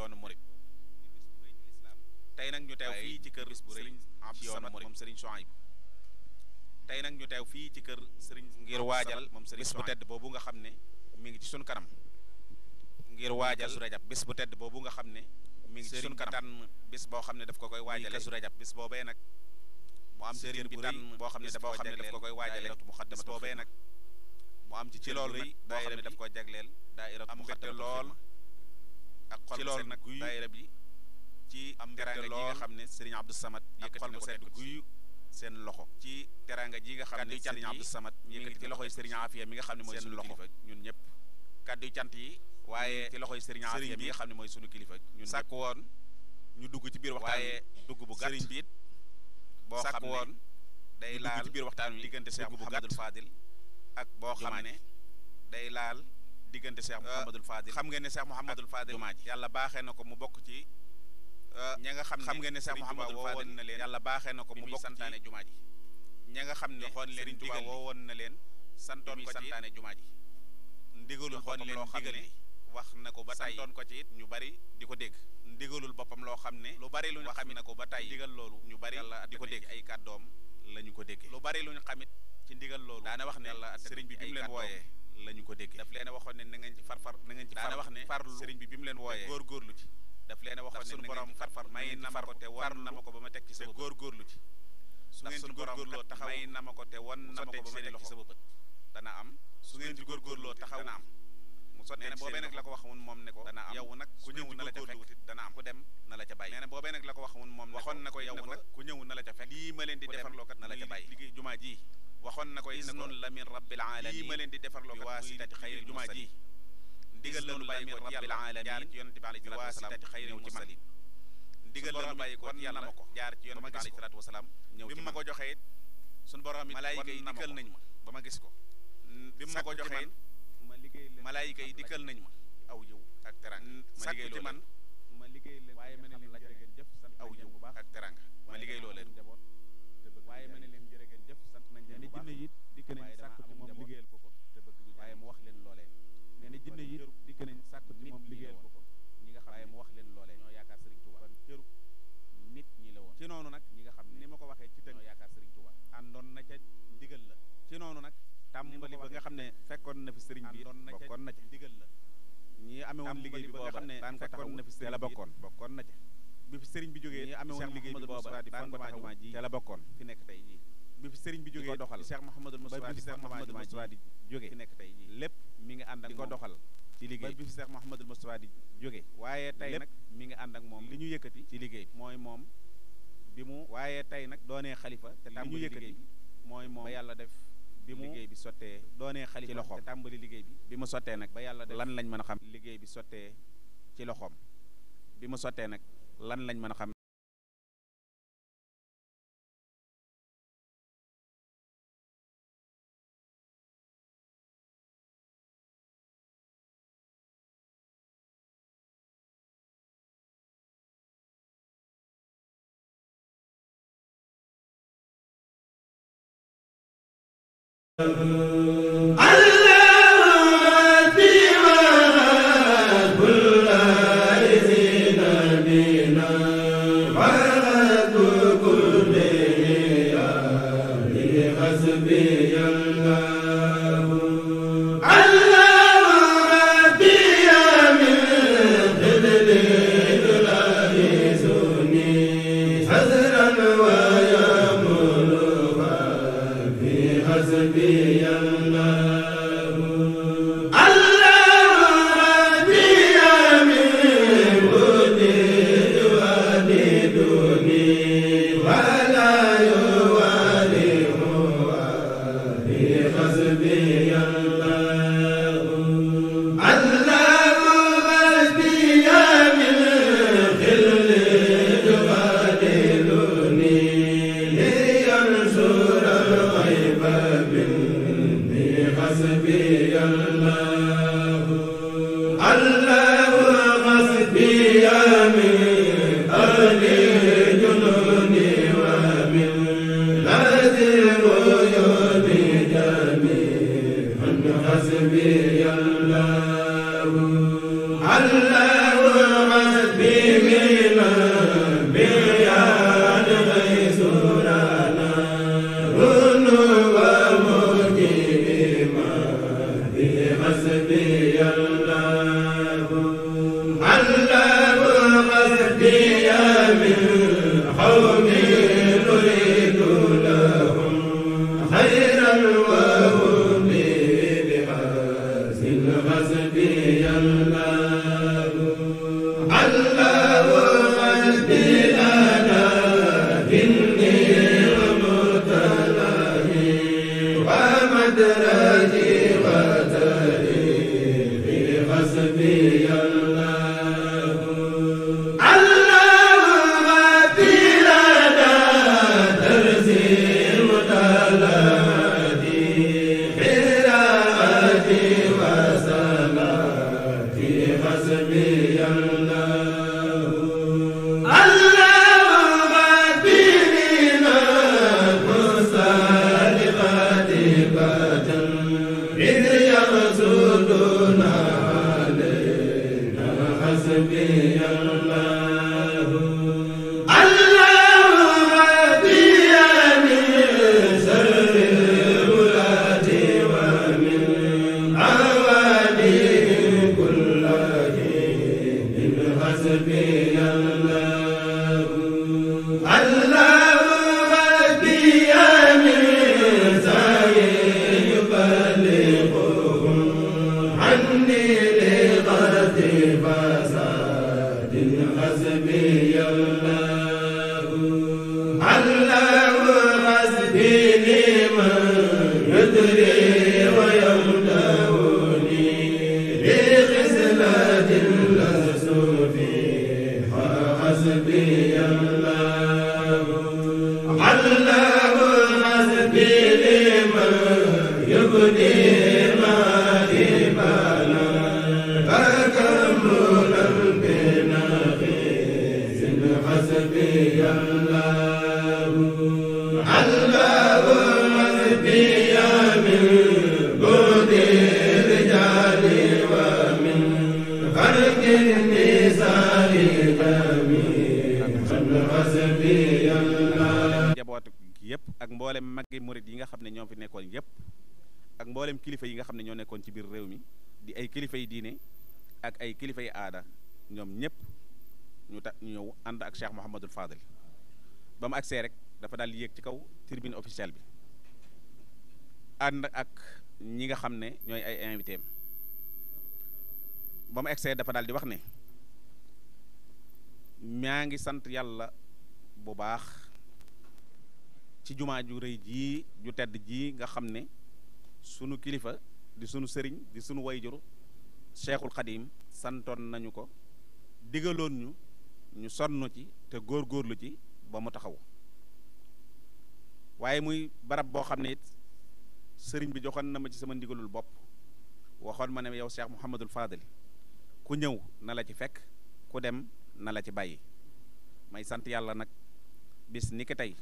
yoonu murit tey nag ñu teew fii ci kër sëriñ Abdou Samad moom sëriñ Chouaib tey nag ñu teew fii ci kër sëriñ ngir waajal moom sëriñ bis bu tedd boobu nga xam ne mu ngi ci sun kanam ngir waajal su rajab bis bu tedd boobu nga xam ne mi ngi ci sun kanam tànn boo xam ne daf ko koy waajale su rajab bis boobee nag mu am sëriñ bu tànn boo xam ne daf ko koy waajale mu xaddamatu boobee nag mu am ci ci loolu rëy boo xam ne daf ko jagleel daa iratu mu xaddamatu lool ak xol bu set nag daayira bi ci am teraanga ji nga xam ne Serigne Abdou Samad yëkkati na ko teg guyu seen loxo ci teraanga ji nga xam ne Serigne Abdou Samad yëkkati ci loxoy Serigne Afia mi nga xam ne mooy sunu kilifa ñun ñëpp kaddu cant yi waaye ci loxoy Serigne Afia mi nga xam ne mooy sunu kilifa ñun sàkk woon ñu dugg ci biir waxtaan waaye dugg bu gàtt Serigne biit boo xam ne day laal ci biir waxtaan wi diggante Cheikh Mouhamadou Fadil ak boo xam ne day laal diggante Cheikh euh, Mouhamadul Fadil xam ngeen ne Cheikh Mouhamadul Fadil jumaa ji yàlla baaxee na ko mu bokk ci euh, ña nga xam xam ngeen ne Cheikh Mouhamadul Fadil na leen yàlla baaxee na ko mu bokk santaane jumaa ji ña nga xam ne xoon leen woo woon na leen santoon ko ci santaane jumaa ji ndigalul boppam loo xam ne wax na ko ba tey santoon ko ñu bari di ko dégg ndigalul boppam loo xam ne lu bari lu ñu xam na ko ba tey ndigal loolu ñu bari di ko dégg ay kàddoom la ñu ko déggee lu bari lu ñu xamit ci ndigal loolu daana wax ne sëriñ seriñ bi mu leen wooyee la ñu ko déggee daf leen waxoon ne na ngeen ci farfar na ngeen ci daana wax sëriñ bi bi mu leen wooyee góorgóorlu ci daf leen a waxoon ne sunu borom farfar may na ko te won na ma ko ba ma teg ci sa bët góorgóorlu ci su ngeen ci góorgóorloo taxaw may na ma ko te won na ma ko ba ma teg ci sa bët dana am su ngeen ci góorgóorloo taxaw na am mu sot nee na boobee la ko wax woon moom ne ko dana am yow nag ku ñëw na la ca fekk dana am ku lii ma leen di defarloo na la ca bàyyi liggéey jumaa ji waxoon na ko iznun la min rabbil alamin lii ma leen di defarloo kat waa ndigal la lu bàyyi ko rabbil alamin jaar ci yonent bi alayhi salaatu wa ndigal la lu bàyyi ko yàlla ko jaar ci yonent bi alayhi salaatu wa salaam ñëw ci man bi ma ko joxee it suñu borom it malayka yi bi malaayika yi dikkal nañ ma aw yiw ak teranga sàkku ci man ma liggéey leen waaye ma ne leen jërë ngeen jëf sant aw yiw ak teranga ma liggéey loo leen li bi booba daan ko taxawu te la bokkoon bokkoon na ca bi fi sëriñ bi jógee Cheikh Mouhamadou Moustapha di fondement ji te la bokkoon ci liggéey bi fi Cheikh Mouhamadou Moustapha di jógee waaye tey nag mi ngi ànd ak moom li ñu mooy moom bi mu waaye tey nag doonee xalifa te tàmbali liggéey bi mooy moom ba yàlla def bi mu liggéey bi sottee doonee xalifa ci loxoom te tàmbali liggéey bi bi mu nag ba yàlla def lan lañ mën a xam liggéey bi sottee ci loxoom bi mu sottee nag lan lañ mën a xam dee mboolem kilifa yi nga xam ne ñoo nekkoon ci biir réew mi di ay kilifa yi diine ak ay kilifa yi aada ñoom ñëpp ñu ta ñu ñëw ànd ak Cheikh Mouhamadul Fadil ba mu agsee rek dafa daal di yéeg ci kaw tirbine officielle bi ànd ak ñi nga xam ne ñooy ay invité am ba mu agsee dafa dal di wax ne maa ngi sant yàlla bu baax ci jumaa ju rëy jii ju tedd jii nga xam ne. sunu kilifa di sunu sëriñ di sunu wayjur cheikhul xadiim santoon nañu ko digaloon ñu ñu sonn ci te góor góorlu ci ba mu taxaw waaye muy barab boo xam ne it sëriñ bi joxoon na ma ci sama ndigalul bopp waxoon ma ne yow cheikh Mouhamadul Fadil ku ñëw na la ci fekk ku dem na la ci bàyyi may sant yàlla nag bis ni ki tey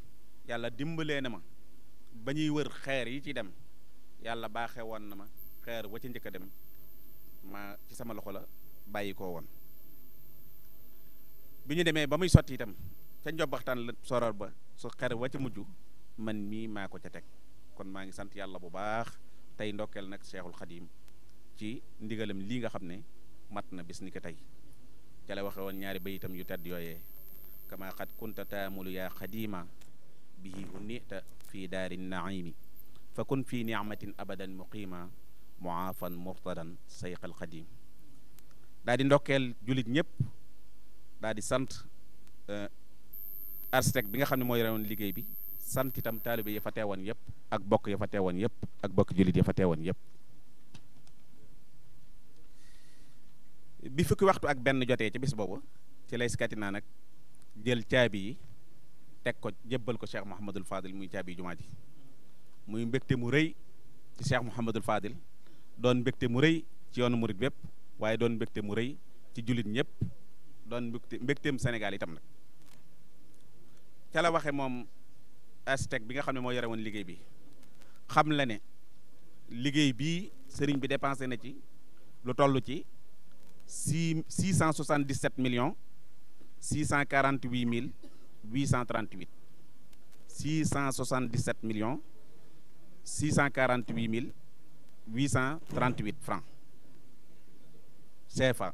yàlla dimbalee na ma ba ñuy wër xeer yi ci dem yàlla baaxee woon na ma xeer wa ci njëkk a dem ma ci sama loxo la bàyyi koo woon bi ñu demee ba muy sotti itam ca njobbaxtaan la soror ba su xeer wa ci mujj man mii maa ko ca teg kon maa ngi sant yàlla bu baax tey ndokkeel nag seexul Khadim ci ndigalam lii nga xam ne mat na bis ni ko tey ca la waxe woon ñaari bayitam yu tedd yooyee kama xat kunta taamulu yaa xadima bihi hunnita fii daari naimi fa kun fi niamatin abadan muqima muaafan murtadan sayq alqadim daa di ndokkeel jullit ñëpp daa sant eh, architecte bi nga xam ne mooy rewoon liggéey bi sant itam taalibe ya fa teewoon yëpp ak bokk ya fa teewoon yëpp ak bokk jullit ya fa teewoon yëpp bi fukki waxtu ak benn jotee ci bis boobu ci lay sikati naa nag jël caabi yi teg ko jébbal ko Cheikh Mouhamadul Fadil muy caabi yi muy mbégte mu rëy ci Cheikh Mouhamadul Fadil doon mbégte mu rëy ci yoonu murit bépp waaye doon mbégte mu rëy ci jullit ñëpp doon mbégte mbégteem Sénégal itam nag ca la waxe moom astec bi nga xam ne moo yore woon liggéey bi xam la ne liggéey bi sëriñ bi dépensé na ci lu toll ci six six cent soixante dix sept millions mille huit cent trente huit six cent soixante six cent quarante huit mile huit cent trente huit francs CFA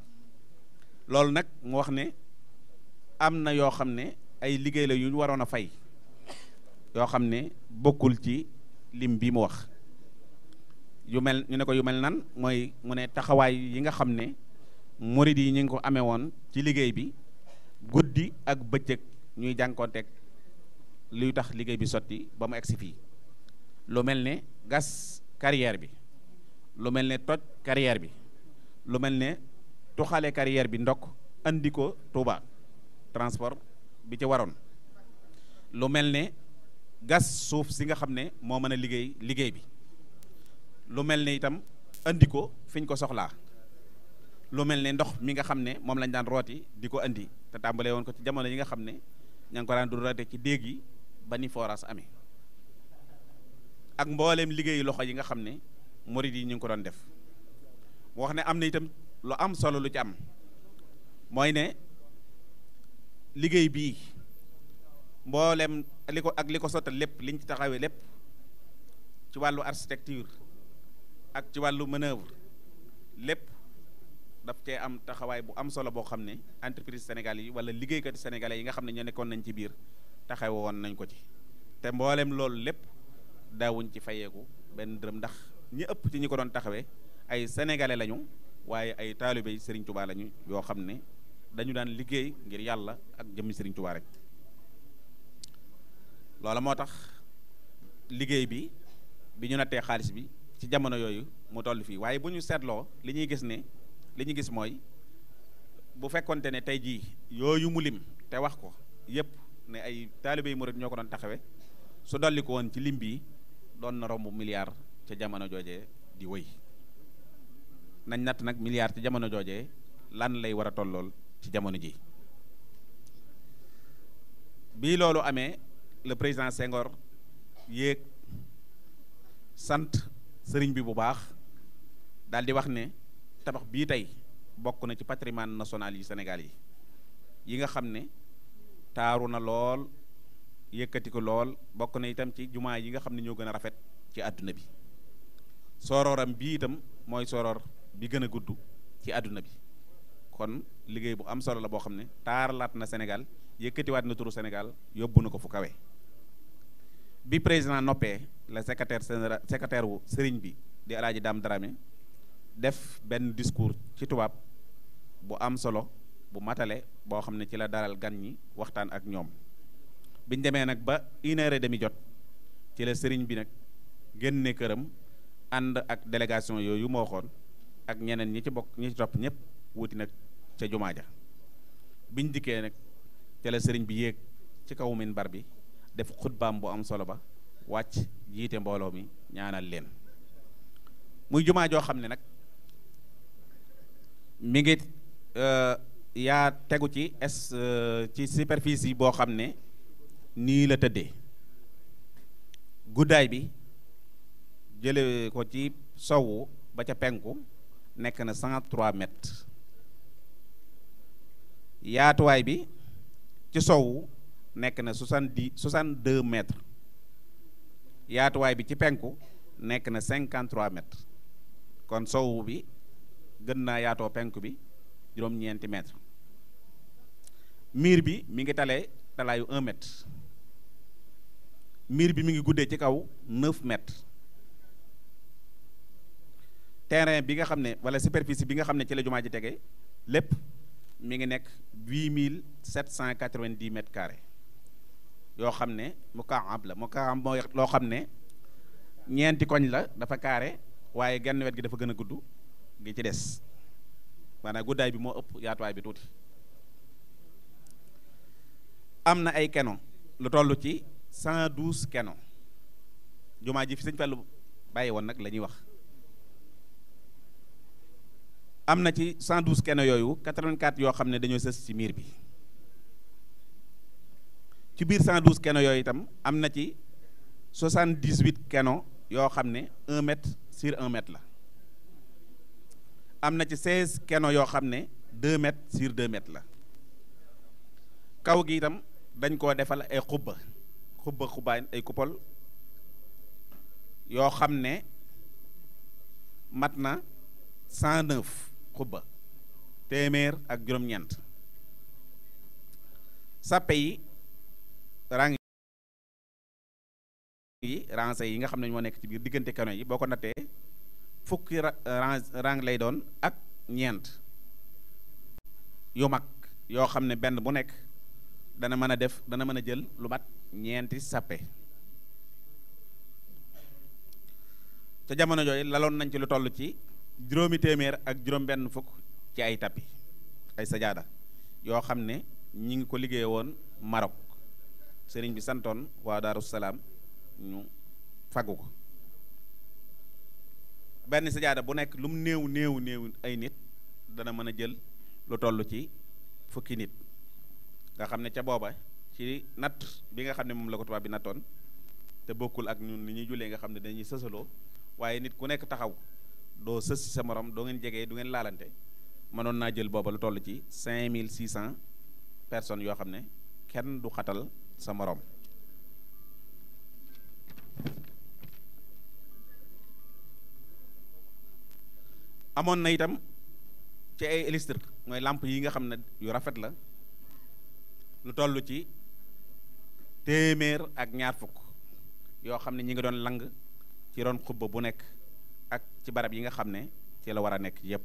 loolu nag mu wax ne am na yoo xam ne ay liggéey la yu ñu waroon a fay yoo xam ne bokkul ci lim bi mu wax yu mel ñu ne ko yu nan mooy mu ne taxawaay yi nga xam ne morit yi ñu ngi ko amee woon ci liggéey bi guddi ak bëccëg ñuy jànkoonteeg luy tax liggéey bi sotti ba mu egsi fii lu mel ne gas carrière bi lu mel ne toj carrière bi lu mel ne tuxale carrière bi ndokk andi ko Touba transport bi ci waroon lu mel ne gas suuf si nga xam ne moo mën a liggéey liggéey bi lu mel ne itam andi ko ko soxlaa lu mel ne ndox mi nga xam ne moom lañ daan rooti di ko indi te tàmbalee woon ko ci jamono yi nga xam ne ña ngi ko daan du roote ci déeg yi ba ni forage amee ak mbooleem liggéey loxo yi nga xam ne murid yi ñu ngi ko doon def mu wax ne am na itam lu am solo lu ci am mooy ne liggéey bii mbooleem li ko ak li ko sottal lépp liñ ci taxawee lépp ci wàllu architecture ak ci wàllu manœuvre lépp daf cee am taxawaay bu am solo boo xam ne entreprise Sénégal yi wala liggéeykat sénégalais yi nga xam ne ñoo nekkoon nañ ci biir taxawoon nañ ko ci te mbooleem loolu lépp daawuñ ci fayeeku benn dërëm ndax ñi ëpp ci ñi ko doon taxawee ay sénégalais lañu waaye ay taalibe yi Serigne lañu yoo xam ne dañu daan liggéey ngir yàlla ak jëmmi sëriñ Touba rek loola moo tax liggéey bi bi ñu nattee xaalis bi ci jamono yooyu mu toll fii waaye bu ñu seetloo li ñuy gis ne li ñu gis mooy bu fekkonte ne tey jii yooyu mu lim te wax ko yépp ne ay taalibe yi murid ñoo ko doon taxawe su dolli ko woon ci lim bi doon na romb milliard ca jamono jooje di woy nañ natt nag milliard ci jamono joojee lan lay war a tollool ci jamono ji bii loolu amee le président Senghor yéeg sant sëriñ bi bu baax daal di wax ne tabax bii tey bokk na ci patrimoine national yi Sénégal yi yi nga xam ne taaru na lool yëkkati ko lool bokk na itam ci jumaa yi nga xam ne ñoo gën a rafet ci àdduna bi soorooram bii itam mooy sooroor bi gën a gudd ci àdduna bi kon liggéey bu am solo la boo xam ne taaralaat na Sénégal yëkkatiwaat na turu senegal yóbbu na ko fu kawe bi président noppe la secrétaire général secrétaire wu sëriñ bi di alaaji Dame Dramé def benn discours ci tubaab bu am solo bu matale boo xam ne ci la dalal gan ñi waxtaan ak ñoom biñ demee nag ba une heure et jot ci la sëriñ bi nag génne këram ànd ak délégation yooyu moo waxoon ak ñeneen ñi ci bokk ñi ci topp ñëpp wuti nag ca jumaa ja biñ dikkee nag ci la sëriñ bi yéeg ci kaw bar bi def xutbaam bu am solo ba wàcc jiite mbooloo mi ñaanal leen muy jumaa joo xam ne nag mi ngi euh, yaa tegu ci es euh, ci superficie boo xam ne nii la tëddee guddaay bi jële ko ci sowu ba ca penku nekk na cent trois mètres yaatuwaay bi ci sowu nekk na soixante dix soixante deux mètres yaatuwaay bi ci penku nekk na cinquante trois mètres kon sowu bi gën naa yaatoo penku bi juróom-ñeenti mètres miir bi mi ngi talee talaayu un miir bi mu ngi guddee ci kaw 9 metre terrain bi nga xam ne wala superficie bi nga xam ne ci la jumaa ji tege lépp mi ngi nekk 8790 mètres carrés yoo xam ne mukaab la mukaab mooy loo xam ne ñeenti koñ la dafa carré waaye genn wet gi dafa gën a gudd gi ci des maanaam guddaay bi moo ëpp yaatuwaay bi tuuti am na ay keno lu toll ci cent 112 keno jumaa ji fi sëñ Fallu bàyyi woon nag la ñuy wax am na ci 112 keno yooyu 84 yoo xam ne dañoo sës ci miir bi ci biir 112 keno yooyu itam am na ci 78 keno yoo xam ne 1 mètre sur la am na ci 16 keno yoo xam ne 2 mètres sur 2 mètres la kaw gi itam dañ koo defal ay xubba xubba xubaayin ay coupole yoo xam ne mat na cent neuf xubba téeméer ak juróom-ñeent sàppe yi rang yi rangé yi nga xam ne moo nekk ci biir diggante kano yi boo ko nattee fukki rang lay doon ak ñeent yu mag yoo xam ne benn bu nekk dana mën a def dana mën a jël lu mat ñeenti sàppe ca jamono jooyu laloon nañ ci lu toll ci juróomi téeméer ak juróom-benn fukk ci ay tappi ay sajaada yoo xam ne ñi ngi ko liggéey woon Maroc sëriñ bi santoon waa Daaru Salaam ñu faggu ko benn sajaada bu nekk lum mu néew néew néew ay nit dana mën a jël lu toll ci fukki nit nga xam ne ca booba ci natt bi nga xam ne moom la ko tubaab bi nattoon te bokkul ak ñun ni ñuy jullee nga xam ne dañuy sësaloo waaye nit ku nekk taxaw doo sës si sa moroom doo ngeen jegee du ngeen laalante mënoon naa jël booba lu toll ci mille cent personnes yoo xam ne kenn du xatal sa moroom amoon na itam ci ay illustre mooy làmp yi nga xam ne yu rafet la. lu toll ci téeméer ak ñaar fukk yoo xam ne ñi ngi doon lang ci ron xuba bu nekk ak ci barab yi nga xam ne ci la war a nekk yépp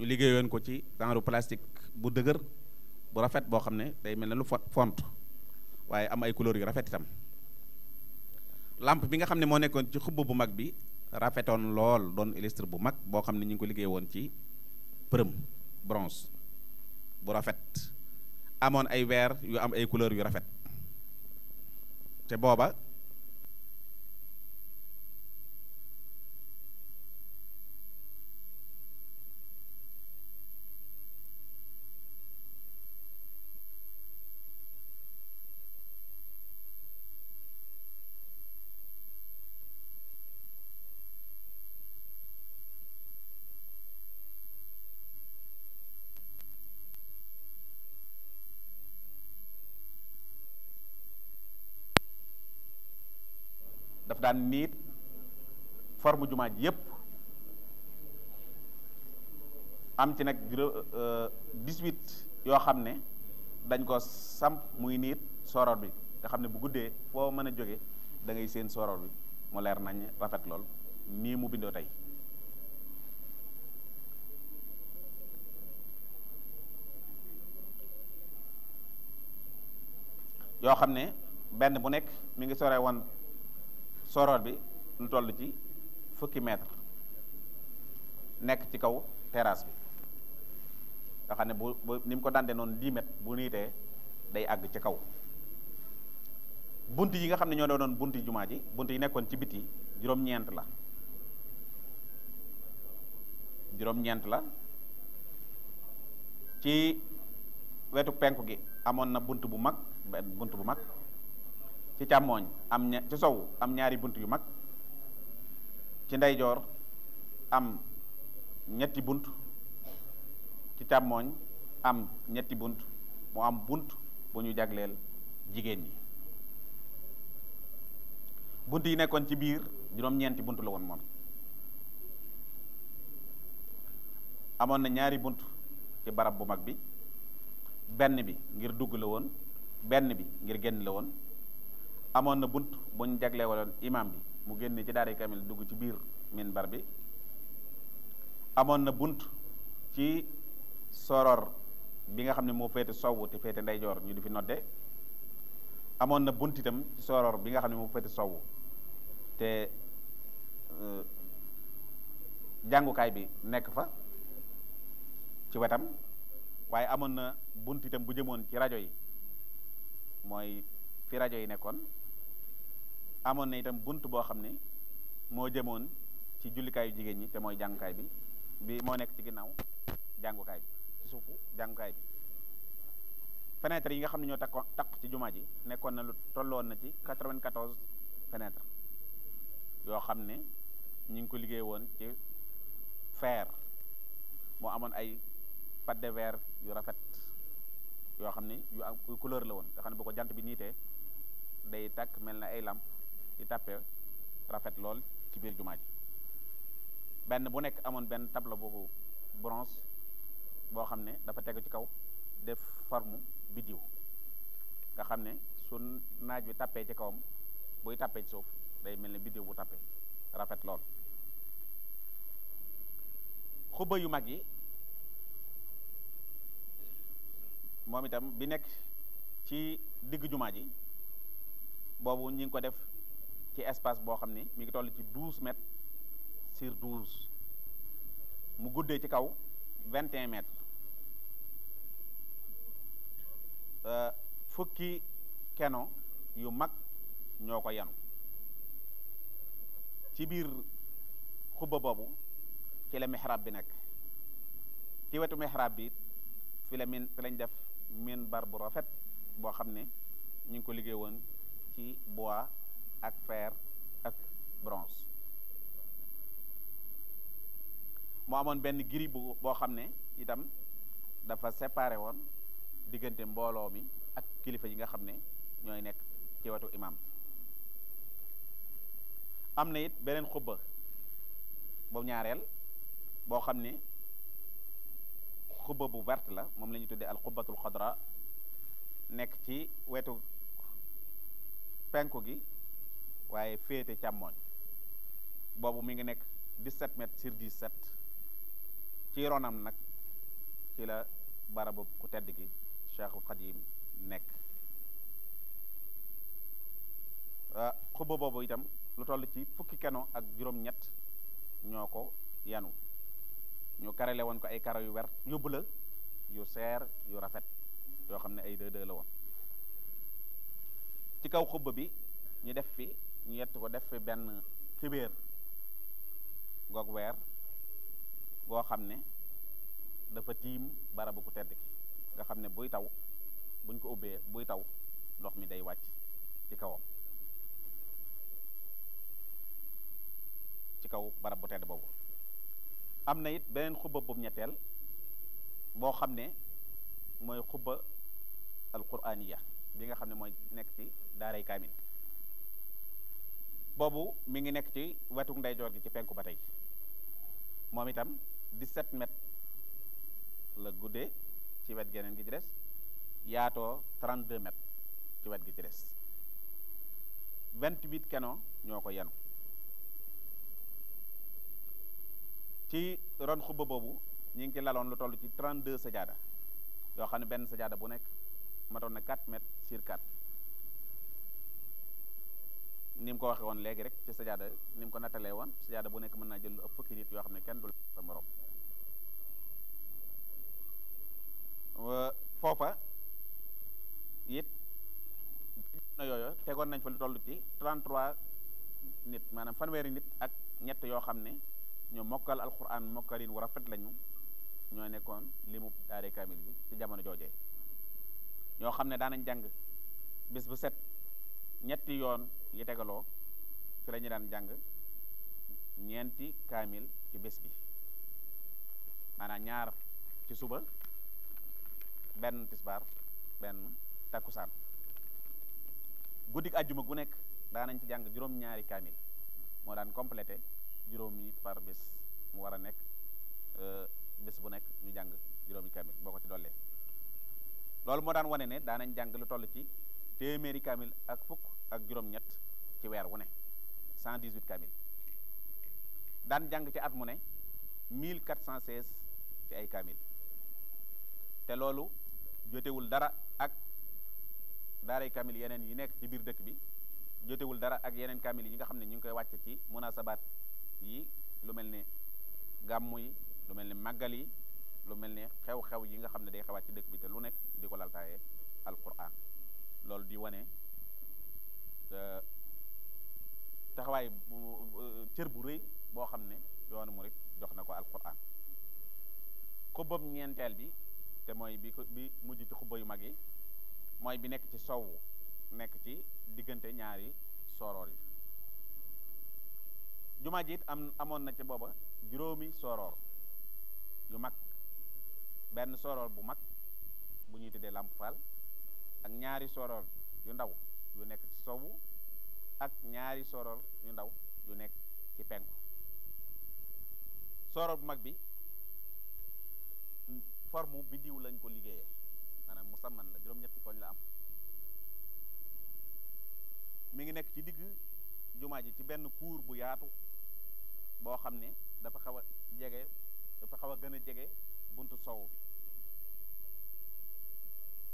ñu liggéey woon ko ci genre plastique bu dëgër bu rafet boo xam ne day mel ne lu fot font waaye am ay couleurs yu rafet itam lampe bi nga xam ne moo nekkoon ci xuba bu mag bi rafetoon lool doon illustre bu mag boo xam ne ñu ngi ko liggéey woon ci përëm bronze bu rafet amoon ay weer yu am ay couleur yu rafet te booba daan niit forme jumaa yépp am ci nag euh, dix yoo xam ne dañ ko samp muy niit soror bi nga xam ne bu guddee foo mën a jóge dangay ngay seen bi mu leer nañ rafet lool nii mu bindoo tey yoo xam ne benn bu nekk mi ngi sore woon soroor bi lu toll ci fukki mètre nekk ci kaw terrasse bi nga ne bu ni mu ko dande noonu dix mètres bu niitee day àgg ci kaw bunt yi nga xam ne ñoo doonoon bunt jumaa ji bunt yi nekkoon ci biti juróom-ñeent la juróom-ñeent la ci wetu penku gi amoon na bunt bu mag bunt bu mag ci càmmooñ am ña ci sow am ñaari bunt yu mag ci ndeyjoor am ñetti bunt ci càmmooñ am ñetti bunt mu am bunt bu ñu jagleel jigéen ñi bunt yu nekkoon ci biir juróom-ñeenti bunt la woon moom amoon na ñaari bunt ci barab bu mag bi benn bi ngir dugg la woon benn bi ngir génn la woon amoon na bunt buñ jagle imam bi mu génne ci daara kamil dugg ci biir minbar bi amoon na bunt ci soror bi nga xam ne moo féete sowwu te féete ndeyjoor ñu di fi nodde amoon na bunt itam ci soror bi nga xam ne moo féete sowwu te euh, jàngukaay bi nekk fa ci wetam waaye amoon na bunt itam bu jëmoon ci rajo yi mooy fi rajo yi nekkoon amoon na itam bunt boo xam ne moo jëmoon ci jullikaayu jigéen ñi te mooy jàngukaay bi bi moo nekk ci ginnaaw jàngukaay bi ci suufu jàngukaay bi fenêtre yi nga xam ne ñoo takko takk ci jumaa ji nekkoon na lu tolloon na ci 94 fenêtre yoo xam ne ñu ngi ko liggéey woon ci fer moo amoon ay pâte de verre yu rafet yoo xam ne yu am couleur la woon nga xam ne boo ko jant bi niitee day takk mel na ay làmp di tàppe rafet lool ci biir jumaa ji benn bu nekk amoon benn tableau boobu bronze boo xam ne dafa tegu ci kaw def forme biddiw nga xam ne su naaj bi tàppee ci kawam buy tàppee ci suuf day mel ni biddiw bu tàppee rafet lool xubba yu mag yi moom itam bi nekk ci digg jumaa ji boobu ñu ngi ko def ci espace boo xam ne mi ngi toll ci douze mètres sur douze mu guddee ci kaw vingt et un euh, fukki keno yu mag ñoo ko yanu ci biir xubba boobu ci la mihrab bi nekk ci wetu mihrab bi fi la min fi lañ def minbar bu rafet boo xam ne ñu ngi ko liggéey woon ci bois ak fer ak bronze mu amoon benn giri bu boo xam ne itam dafa séparé woon diggante mbooloo mi ak kilifa yi nga xam ne ñooy nekk ci wetu imam am na it beneen xubba bu ñaareel boo xam ne xubba bu verte la moom la ñuy tuddee al xubbatul xadra nekk ci wetu penku gi waaye féete càmmooñ boobu mi ngi nekk 17 mètres sur 17 ci ronam nag ci la barabu ku tedd gi Cheikhul Xadim nekk ah, xubba boobu itam lu toll ci fukki keno ak juróom-ñett ñoo ko yenu ñu karale woon ko ay karo yu wer yóbbu la yu seer yu rafet yoo xam ne ay deux deux la woon ci kaw xubba bi ñu def fi ñu yett ko def fi benn kibéer goog weer goo xam ne dafa tiim barabu ku tedd ki nga xam ne buy taw buñ ko ubbee buy taw ndox mi day wàcc ci kawam ci kaw barab bu tedd boobu am na it beneen xubba bu ñetteel boo xam ne mooy xubba alquraaniya bi nga xam ne mooy nekk ci daaray kaamil boobu mi ngi nekk ci wetu ndeyjoor gi ci penku ba tey moom itam 17 met la guddee ci wet geneen gi ci des yaatoo 32 mètres ci wet gi ci des 28 keno ñoo ko yenu ci ron xubba boobu ñu ngi ci laloon lu toll ci 32 sajaada yoo xam ne benn sajaada bu nekk matoon na 4 mètres ni ko waxee woon léegi rek ci sajaada ni ko nattalee woon sajaada bu nekk mën naa jël lu ëpp fukki nit yoo xam ne kenn tegoon nañ fa lu toll ci 33 nit maanaam fanweeri nit ak ñett yoo xam ne ñu mokkal alquran mokkalin wu rafet lañu ñoo nekkoon limu daare kaamil bi ci jamono joojee ñoo xam ne daanañ jàng bis bu set ñetti yoon yi tegaloo fi daan jàng ñeenti kaamil ci bés bi maanaam ñaar ci suba benn tisbaar benn takkusaan guddik ajjuma gu nekk daanañ ci jàng juróom-ñaari kaamil moo daan complété juróomi par bés mu war a nekk euh, bés bu nekk ñu jàng juróomi kaamil boo ko ci dollee loolu moo daan wane ne daanañ jàng lu toll ci téeméeri kaamil ak fukk ak juróom-ñett ci weer wu ne cent dix huit kaamil daan jàng ci at mu ne mille quatre cent seize ci ay kaamil te loolu jotewul dara ak daaray kaamil yeneen yi nekk ci biir dëkk bi jotewul dara ak yeneen kaamil yi nga xam ne ñu ngi koy wàcc ci munasabaat yi lu mel ni gàmmu yi lu mel ni màggal yi lu mel ne xew-xew yi nga xam ne day xewaat ci dëkk bi te lu nekk di ko laltaayee alquran loolu di wane euh, taxawaay bu euh, cër bu rëy boo xam ne yoonu murid jox na ko alquran xubbam ñeenteel bi te mooy bi bi mujj ci xubba yu mag yi mooy bi nekk ci sowwu nekk ci diggante ñaari sooroor yi jumaa ji am amoon na ci booba juróomi soroor yu mag benn sooroor bu mag bu ñuy tëddee làmp faal ak ñaari sooroor yu ndaw yu nekk ci sowwu ak ñaari soror yu ndaw yu nekk ci penku soror bu mag bi bi biddiw lañ ko liggéeyee maanaam musamman la juróom-ñetti koñ la am mu ngi nekk ci digg jumaa ji ci benn kuur bu yaatu boo xam ne dafa xaw a jege dafa xaw a gën a jege buntu sow bi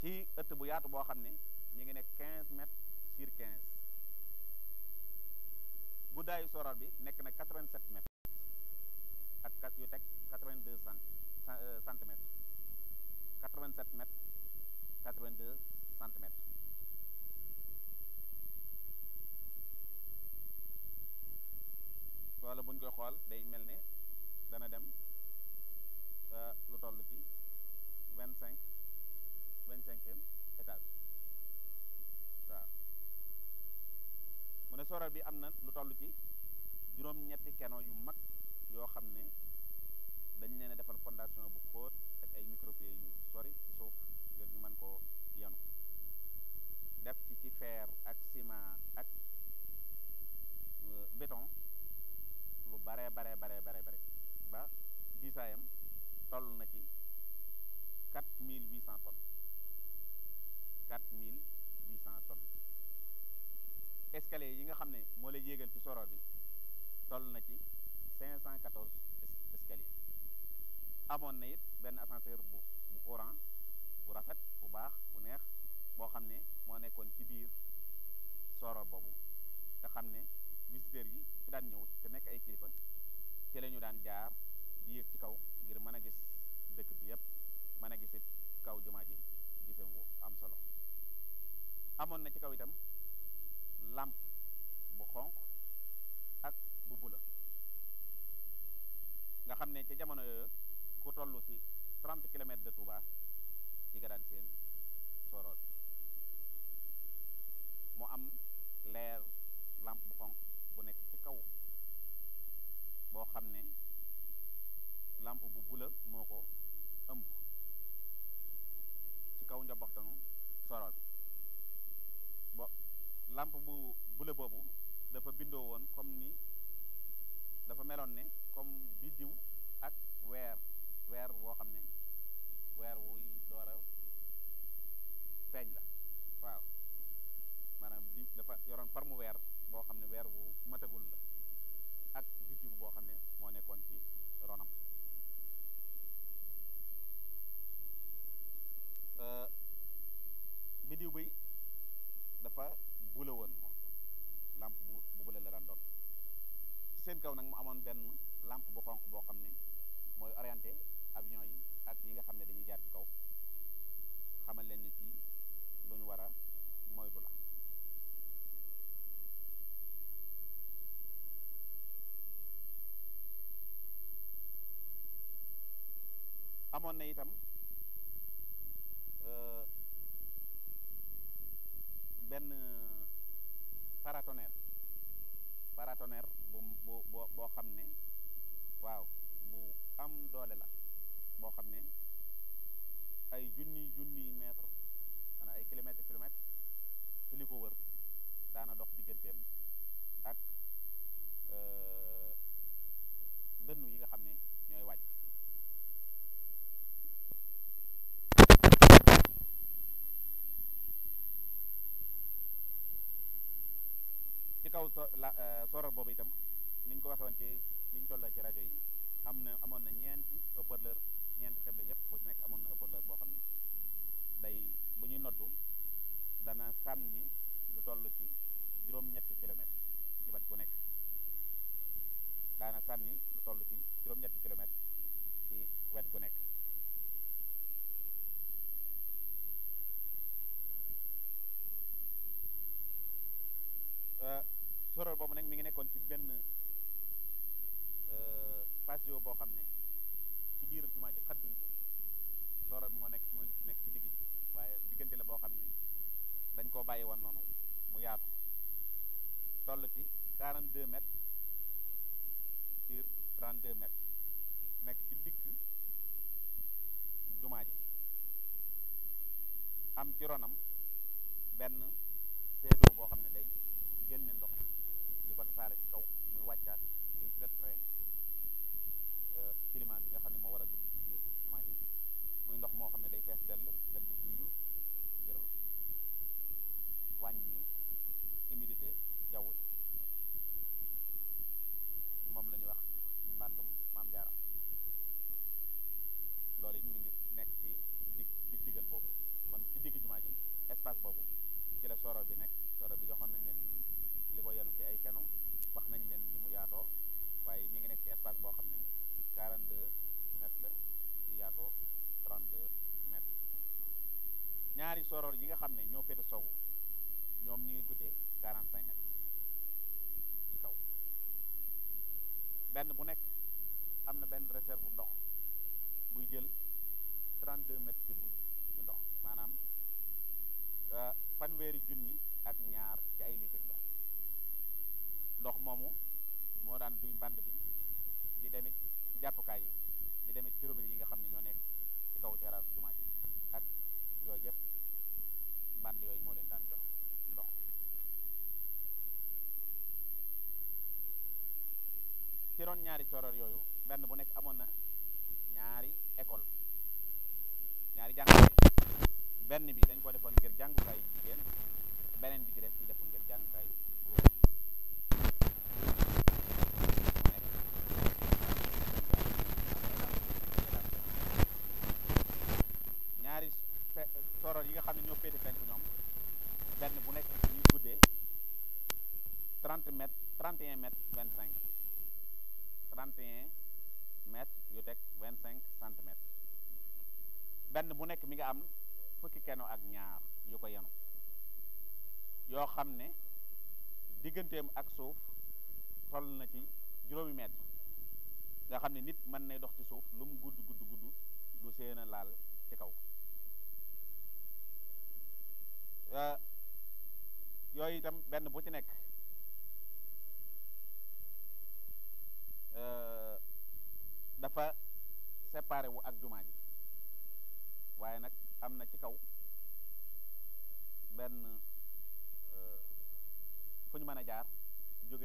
ci ëtt bu yaatu boo xam ne mu ngi nekk quinze mètres sur quinze guddaayu sooraal bi nekk na 87 mètres ak kat yu teg 82 centi euh, centimètres 87 mètres 82 centimètres wala buñ koy xool day mel ne dana dem euh, lu toll ci vingt cinq vingt cinquième mu ne soral bi am na lu toll ci juróom-ñetti keno yu mag yoo xam ne dañ leen a defal fondation bu xóot ak ay micropieux yu sori ci suuf ngir ñu mën koo yanu def ci ci fer ak ciment ak euh, béton lu bare bare bare bare bare ba diisaayam toll na ci quatre mille huit cent tonnes escalier yi nga xam ne moo lay yéegal ci soro bi toll na ci cinq cent quatorze escalier amoon na it benn ascenseur bu bu courant bu rafet bu baax bu neex boo xam ne moo nekkoon ci biir soro boobu nga xam ne visiteurs yi fi daan ñëw te nekk ay kilifa ci la ñu daan jaar di yéeg ci kaw ngir mën a gis dëkk bi yépp mën a gis kaw jumaa ji gisee wu am solo amoon na ci kaw itam làmp bu xonq ak bu bula nga xam ne ca jamono yooyu ku toll ci trente kilomètres de Touba ci nga daan seen soroot mu am leer làmp bu xonq bu nekk ci kaw boo xam ne làmp bu bula moo ko ëmb ci kaw njoboxtanu soroot bule boobu dafa bindoo woon comme ni dafa meloon ne comme biddiw ak weer weer woo xam ne weer wuy na itam ronam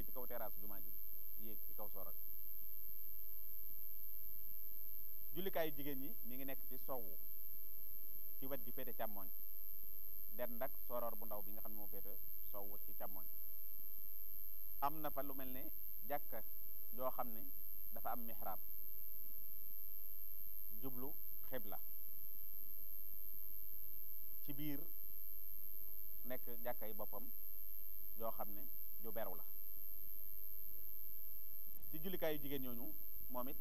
ci kaw terrasse jumaa ji yéeg ci kaw sooral jullikaayu jigéen ñi mi ngi nekk ci sowwu ci wet gi féete càmmooñ dend ak soror bu ndaw bi nga xam ne moo féete sowwu ci càmmooñ am na fa lu mel ne jàkka yoo xam ne dafa am mihraab jublu la ci biir nekk jàkka yi boppam yoo xam ne ju beru la ci jullikaayu jigéen ñooñu moom it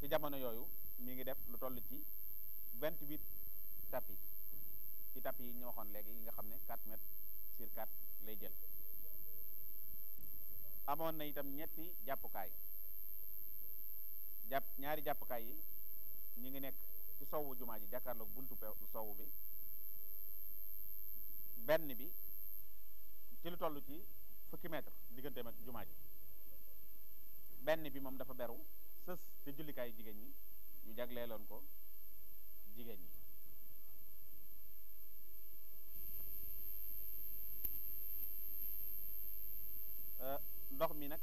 ci jamono yooyu mi ngi def lu toll ci vingt huit tapis ci tapis yi ñu waxoon léegi yi nga xam ne quatre mètres sur quatre lay jël amoon na itam ñetti jàppukaay jàpp ñaari jàppukaay yi ñu ngi nekk ci sowwu jumaa ji jàkkaarloog buntu sowwu bi benn bi ci lu toll ci fukki mètre digganteem ak jumaa ji benn bi moom dafa beru sës te jullikaayu jigéen ñi ñu jagleeloon ko jigéen ñi euh, ndox mi nag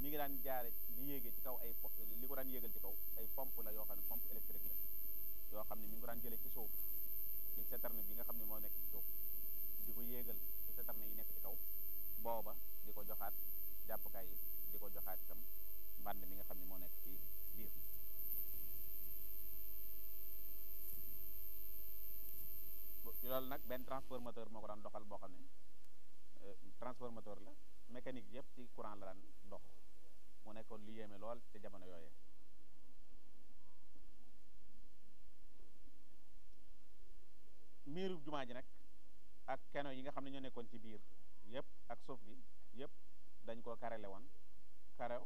mi ngi daan jaare di yéege ci kaw ay li ko daan yéegal ci kaw ay pomp la yoo xam ne pompe électrique la yoo xam ne mi ngi ko daan jëlee ci suuf ci citerne bi nga xam ne moo nekk ci suuf di ko yéegal ci na yi nekk ci kaw booba di ko joxaat jàppukaay yi di ko joxaat itam mbànd mi nga xam ne moo nekk ci biir loolu nag benn transformateur moo ko daan doxal boo xam ne euh, transformateur la mécanique yëpp ci courant la daan dox mu nekkoon lu yéeme lool te jamono yooyee miiru jumaa ji nag ak keno yi nga xam ne ñoo nekkoon ci biir yëpp ak suuf gi yëpp dañ ko karale woon fere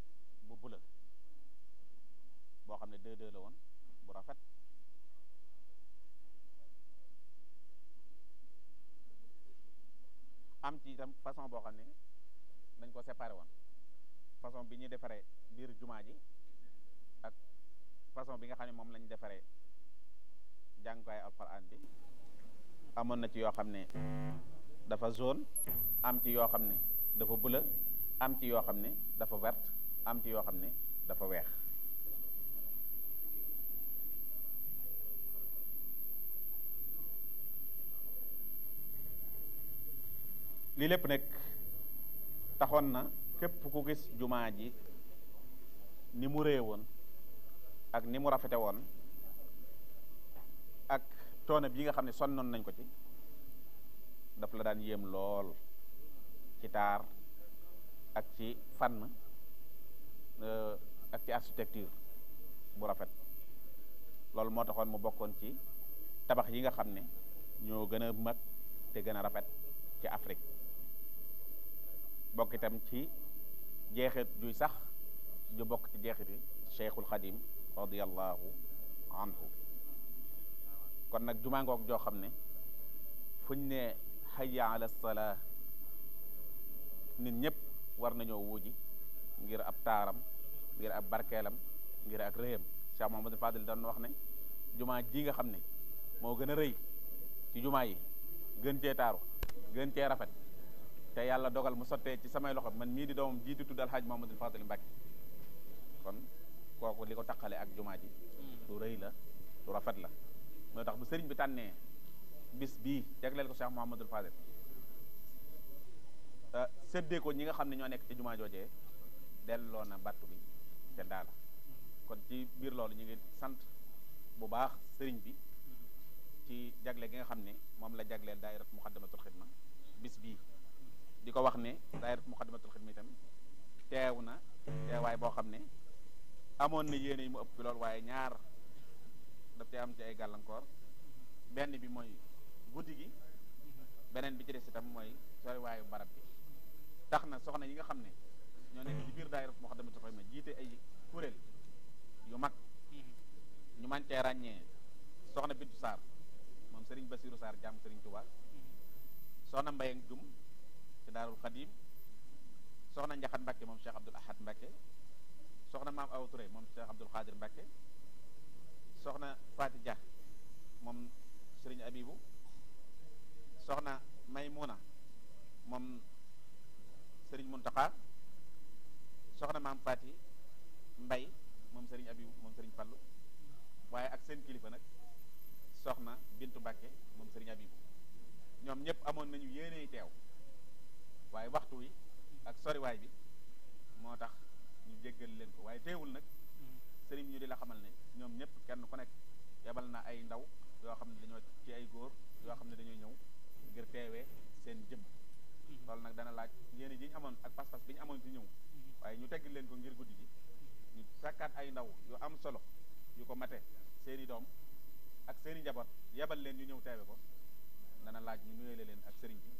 bu bula boo xam ne deux la woon bu rafet am ci itam façon boo xam ne dañ ko séparé woon façon bi ñuy defaree biir jumaa ji ak façon bi nga xam ne moom lañ defaree jàngukaay alxuraan bi amoon na ci yoo xam ne dafa zone am ci yoo xam ne dafa bula am ci yoo xam ne dafa vert am ci yoo xam ne dafa weex li lépp nag taxoon na képp ku gis jumaa ji ni mu rée woon ak ni mu rafete woon ak toona bi nga xam ne sonnoon nañ ko ci daf la daan yéem lool ci taar ak ci fànn euh, ak ci architecture bu rafet loolu moo taxoon mu bokkoon ci tabax yi nga xam ne ñoo gën a mag te gën a rafet ci Afrique bokkitam ci jeexit juy sax ju bokk ci jeexit yi Cheikhul Xadim radiyallahu anhu kon nag jumaa ngoog joo xam ne fuñ ne hayya ala salaa nit ñëpp war nañoo wuuji ngir ab taaram ngir ab barkeelam ngir ak rëyam Cheikh Mouhamadou Fadil doon wax ne jumaa ji nga xam ne moo gën a rëy ci jumaa yi gën cee taaru gën cee rafet te yàlla dogal mu sottee ci samay loxo man mii di doomam jiitu tudd alxaaj Mouhamadou Fadil Mbacke kon kooku li ko taqale ak jumaa ji mm. lu rëy la lu rafet la moo tax bu sëriñ bi tànnee bis bi jagleel ko Cheikh Mouhamadou Fadil Euh, séddee ko ñi nga xam ne ñoo nekk ci jumaa joojee delloo na battu bi te ndaala kon ci biir loolu ñu ngi sant bu baax sëriñ bi ci jagle gi nga xam ne moom la jagleel daayirat muxaddamatul xidma bis bii di ko wax ne daayirat muxaddamatul xidma itam teew na teewaay boo xam ne amoon na yéene yi mu ëpp lool waaye ñaar daf cee am ci ay gàllankoor benn bi mooy guddi gi beneen bi ci des itam mooy sooy waayu barab bi tax na soxna yi nga xam ne ñoo nekk ci biir daayira Moukhaddamatoul Khidma jiite ay kuréel yu mag mm-hmm. ñu man cee ràññee soxna Bintu Sarr moom Serigne Bassirou Sarr jàmm Serigne Touba mm-hmm. soxna Mbayang Jum ci Daarul Xadim soxna Njaxat Mbacke moom Cheikh Abdoul Ahad mbake soxna Maam Awa Touré moom Cheikh Abdoul Khadir Mbacke soxna Faati Dia moom Serigne Abibou soxna Maymuna moom sëriñ Muntaxa soxna maam Faati Mbay moom sëriñ Abibu moom sëriñ Fallu waaye ak seen kilifa nag soxna Bintu Mbàkke moom sëriñ Abibu ñoom ñëpp amoon nañu yéeney teew waaye waxtu wi ak soriwaay bi moo tax ñu jéggal leen ko waaye teewul nag sëriñ ñu di la xamal ne ñoom ñëpp kenn ku nekk yebal na ay ndaw yoo xam ne dañoo ci ay góor yoo xam ne dañoo ñëw ngir teewee seen jëm loolu nag dana laaj yéene ji ñu amoon ak pas-pas bi ñu amoon ci ñëw mm-hmm. waaye ñu tegg leen ko ngir guddi gi ñu sàkkaat ay ndaw yu am solo yu ko mate seeni doom ak seeni njaboot yebal leen ñu ñëw teewe ko dana laaj ñu nuyee leen ak sëriñ bi